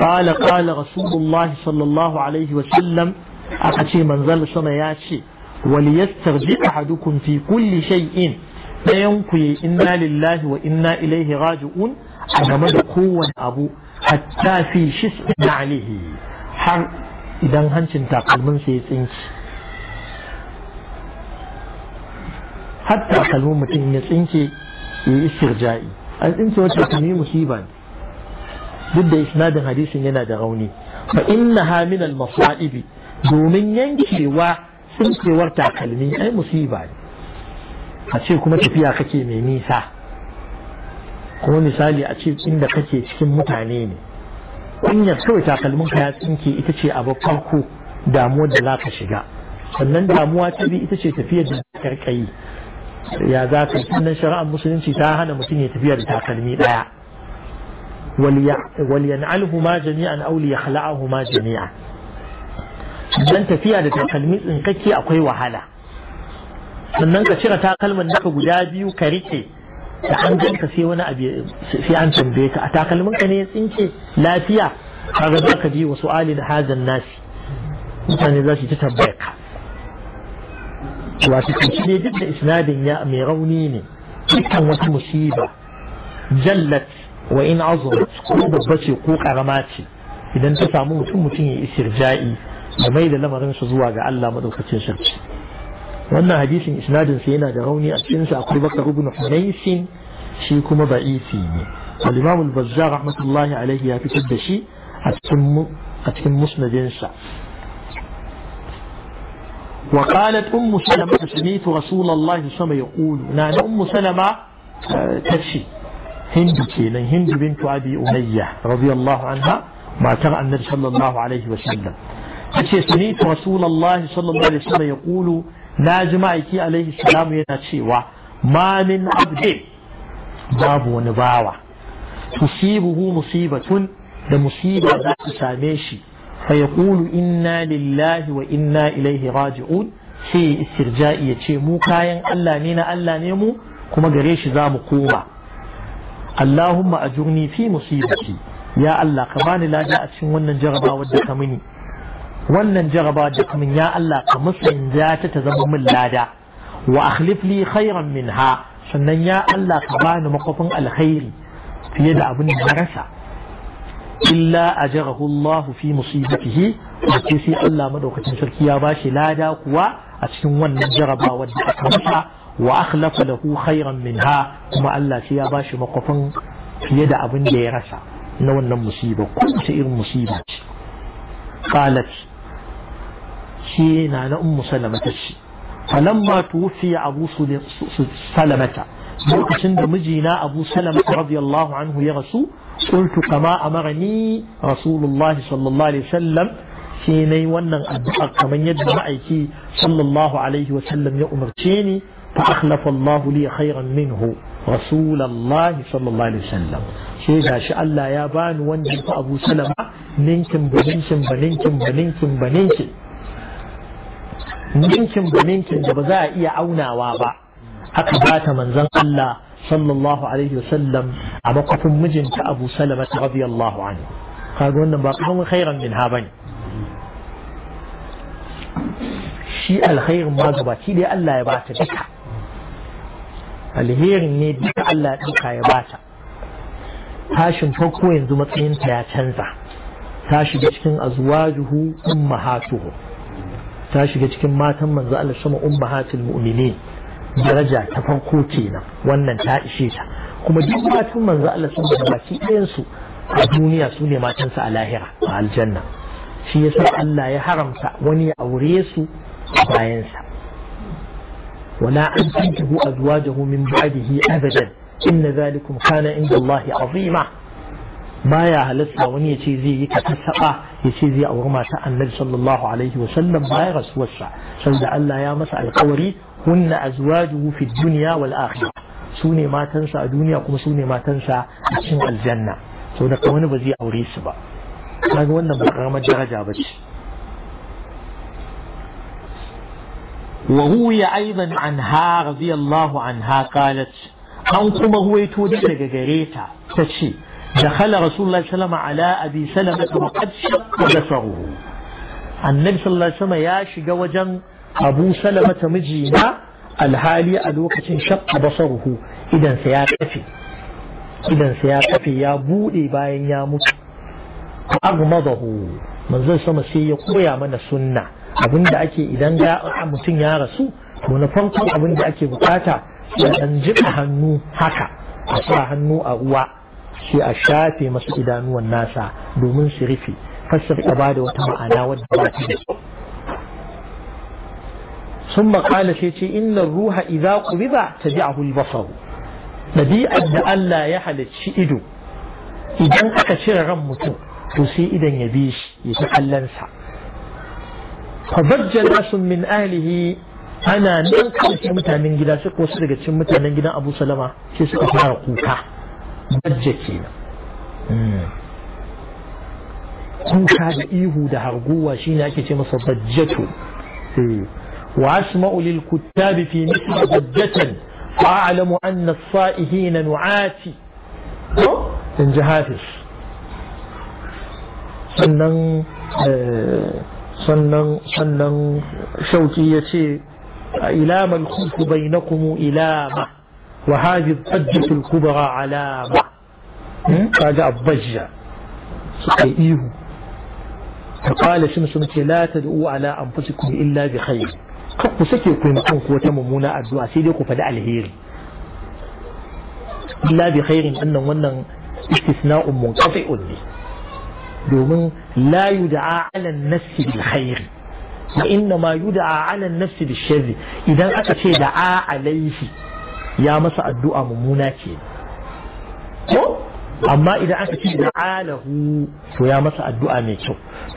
قال قال رسول الله صلى الله عليه وسلم أكشي من ذل سما ياشي وليسترجع أحدكم في كل شيء ɗayanku inna lillahi wa inna ilaihi raji'un a game da kowane abu hatta fi shis'in alihi har idan hancin takalmin sai ya tsinki har takalmin mutum ya tsinke ya yi istirja'i an tsinke wata kuma musiba duk da isnadin hadisin yana da rauni fa innaha min al domin yankewa tsinkewar takalmi ai musiba ne a ce kuma tafiya kake mai nisa kuma misali a ce inda kake cikin mutane ne kunyar kawai takalmin ka ya tsinke ita ce abu damuwar da za ka shiga sannan damuwa ta bi ita ce tafiya da karkayi ya za ka sannan shari'ar musulunci ta hana mutum ya tafiya da takalmi ɗaya ولينعلهما جميعا أو ليخلعهما جميعا dan tafiya da takalmi tsinkake akwai wahala sannan ka cire takalman naka guda biyu ka rike da an ganka sai wani abu sai an tambaye ka a takalmin ka ne ya tsinke lafiya kaga za ka bi wasu alin hazan nasi mutane za su ta tambaya ka wato kunci ne duk da isnadin ya mai rauni ne dukkan wata musiba jallat وإن عظم بس يقوق أغماتي إذا أنت سامون ثم تيني استرجائي وما إذا لم أرمس زوا على ما مدرك تنشر وأن حديث إسناد سينا جروني أتنسى أقول بكر بن حنيس شيكما بعيسي والإمام البزار رحمة الله عليه يا تكدشي أتكم أتكم مسند وقالت أم سلمة سميت رسول الله صلى الله عليه وسلم يقول نعم أم سلمة آه، تفشي hindu kenan hindu bintu abi umayya radiyallahu anha matar annabi sallallahu alaihi wa sallam tace sami'tu rasulullahi sallallahu alaihi wa sallam kulu na ji ma'aiki alaihi salamu yana cewa ma min abdin babu wani bawa tusibuhu musibatun da musiba za ta same shi fa ya kulu inna lillahi wa inna ilaihi raji'un sai istirja'i ya ce mu kayan Allah ne na Allah ne mu kuma gare shi za mu koma Allahumma ajurni fi musibati ya Allah ka bani lada a cikin wannan jarabawar da ka mini wannan jarabawar da ka mini ya Allah ka musanya ta ta zama min lada wa akhlif li khairan minha sannan ya Allah ka bani makofin alkhairi fiye da abin da rasa illa ajarahu Allah fi musibatihi sai sai Allah madaukakin sarki ya bashi lada kuwa a cikin wannan jarabawar da aka masa wa akhlafa lahu khairan minha kuma Allah sai ya bashi makwafin fiye da abin da ya rasa na wannan musiba kowace irin musiba ce qalat shi na na ummu salamata shi falamma tuwfiya abu salamata lokacin da mijina abu salamata radiyallahu anhu ya rasu qultu kama amarani rasulullahi sallallahu alaihi wasallam sai nayi wannan addu'a kamar yadda ma'aiki sallallahu alaihi wasallam ya umarce ni فأخلف الله لي خيرا منه رسول الله صلى الله عليه وسلم شيزا شألا يا بان وانجل أبو سلمة ننكم بننكم بننكم بننكم بننكم ننكم بننكم جبزا إيا أونا وابا أكبات من زن الله صلى الله عليه وسلم أبقف مجن أبو سلمة رضي الله عنه قال قلنا باقهم خيرا من هابن شيء الخير ما جبا شيء الله يبعث بك alherin ne duka Allah duka ya bata tashin farko yanzu matsayin ta ya canza ta shiga cikin azwajuhu ummahatuhu ta shiga cikin matan manzo Allah sama ummahatul mu'minin daraja ta farko kenan wannan ta ishe ta kuma duk matan manzo Allah sun da baki ɗayan su a duniya su ne matansa a lahira a aljanna shi yasa Allah ya haramta wani ya aure su bayansa ولا أن تنكحوا أزواجه من بعده أبدا إن ذلكم كان عند الله عظيما ما يا هلسا وني يتيزي يكتسقى يتيزي أو رمى النبي صلى الله عليه وسلم ما يغس وسع سوى الله يا مسع القوري هن أزواجه في الدنيا والآخرة سوني ما تنسى الدنيا كما سوني ما تنسى الجنة سوني كمان بزي أوريسبا ما kaga wannan ba karamar daraja وروي أيضا عنها رضي الله عنها قالت أو كما هو يتودي لغريتا تشي دخل رسول الله صلى الله عليه وسلم على أبي سلمة وقد شق بصره النبي صلى الله عليه وسلم يا شي وجن أبو سلمة مجينا الحالي الوقت شق بصره إذا سيعتفي إذا سيعتفي يا بودي باين يا مت أغمضه من زي سما سي يقوي من السنه abin da ake idan ya mutum ya rasu to na farkon abin da ake bukata ya dan jiƙa hannu haka a sa hannu a ruwa sai a shafe masu idanuwan nasa domin su rufe fassar ba da wata ma'ana wadda ba ta da sun maƙala sai ce inna ruha idza bi tabi'ahu al-basar Ɗabi'ar da Allah ya halicci ido idan aka cire ran mutum to sai idan ya bi shi ya ta kallon sa fabajja nasun min ahlihi ana nan kawai mutanen gida sai wasu daga cikin mutanen gidan Abu Salama sai suka fara kuka bajja kenan kuka da ihu da harguwa shine ake ce masa bajjatu wa asma'u lil kuttabi fi mithli bajjatan فأعلم أن الصائحين نعاتي إن hafis. sannan sannan sannan shauki ya ce إلام الخلف بينكم إلامة وهذه الضجة الكبرى علامة هذا إيه؟ الضجة إيه فقال شمس لا تدعوا على أنفسكم إلا بخير كف سكي كن كنك وتممونا الدعاء سيديك الهير إلا بخير أن ونن استثناء منقطع لي دومن لا يدعى على النفس بالخير وإنما يدعى على النفس بالشر إذا أتى دعاء عليه يا مسا الدعاء مموناكي أما إذا أنت تدعى له فيا مسا الدعاء ميتو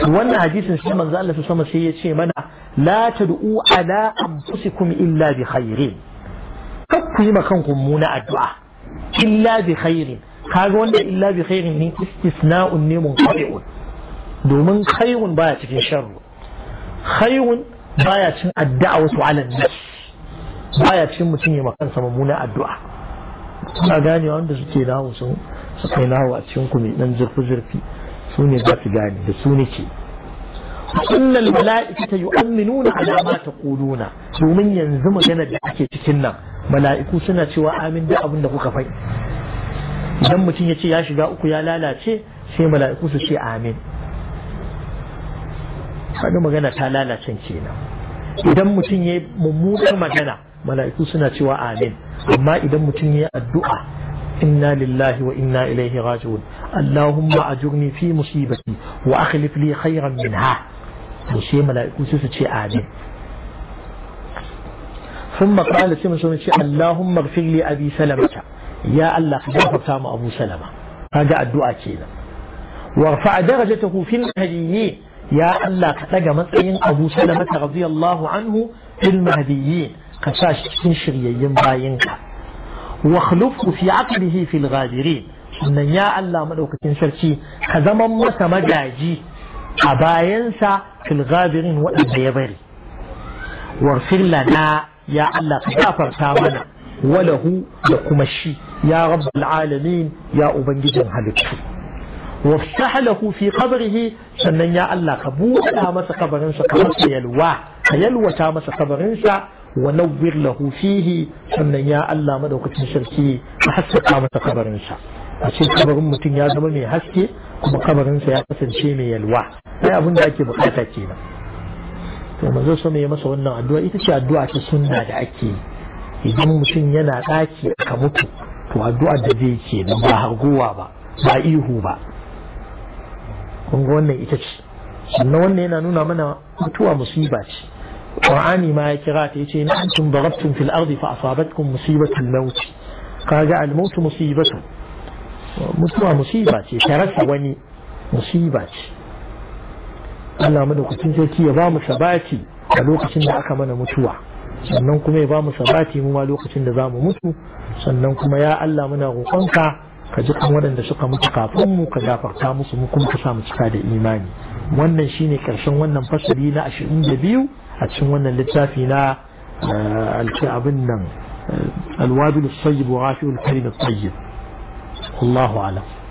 وأن حديث سيما زال في سيما سيئة سيما لا تدعوا على أنفسكم إلا بخيرين كيف يمكنكم منا الدعاء إلا بخيرين kaga wanda illa bi khairin ne istisna'un ne munqati'un domin khairun baya cikin sharru khairun baya cin addu'a wasu alal nas baya cin mutum ya makansa mummuna addu'a kuna gane wanda suke nawo sun su kai nawo a cikin ku mai dan zurfi zurfi su ne za su gane da su ne ke إن الملائكة يؤمنون على ما تقولون domin yanzu maganar da ake cikin nan mala'iku suna cewa amin da abin da kuka fai idan mutum ya ce ya shiga uku ya lalace sai mala'iku su ce amin kaga magana ta lalace kenan idan mutum ya mummunar magana mala'iku suna cewa amin amma idan mutum ya yi addu'a inna lillahi wa inna ilaihi raji'un allahumma ajurni fi musibati wa akhlif li khayran minha to sai mala'iku su ce amin ثم قال سيما سنة اللهم اغفر لي أبي سلمة يا الله خجفت سام أبو سلمة هذا الدعاء كينا وارفع درجته في المهديين يا الله قتج مطعين أبو سلمة رضي الله عنه في المهديين كساش قساش تنشري ينباينك واخلفه في عقله في الغادرين إن يا الله ملوك تنشرتي خزم موسى مجاجي أبا ينسى في الغادرين والبيبري وارسل لنا يا الله قتافر ثامنا وله يقوم الشيء يا رب العالمين يا أبنجيجن هلك وافتح له في قبره سنن يا الله كبوت لها مسا يا كمسا يا كيلوى تامسا قبرنسا ونور له فيه سنن يا الله مدوكة شركي حسا قامسا قبرنسا أشيء قبر متن يا زمني حسكي كما قبرنسا يا قسن يا يلوى يا أبن داكي بخاتا كينا وما زال سنة يا ونن عدوى إذا كي عدوى كي سنة داكي إذا يا ينا داكي كمتو to addu'ar da zai ce na ba harguwa ba ba ihu ba kun ga wannan ita ce sannan wannan yana nuna mana mutuwa musiba ce qur'ani ma ya kira ta yace na antum baghtum fil ardi fa asabatkum musibatu al maut kaga al maut musibatu mutuwa musiba ce ta rasa wani musiba ce Allah madaukakin sarki ya ba mu sabati a lokacin da aka mana mutuwa sannan kuma ya ba mu sabati mu ma lokacin da za mu mutu sannan kuma ya Allah muna roƙonka ka ji kan wadanda suka mutu kafin mu ka gafarta musu mu kuma ka sa mu cika da imani wannan shine karshen wannan fasali na 22 a cikin wannan littafi na alci abin nan alwadul sayyib wa rafi'ul karim tayyib Allahu a'lam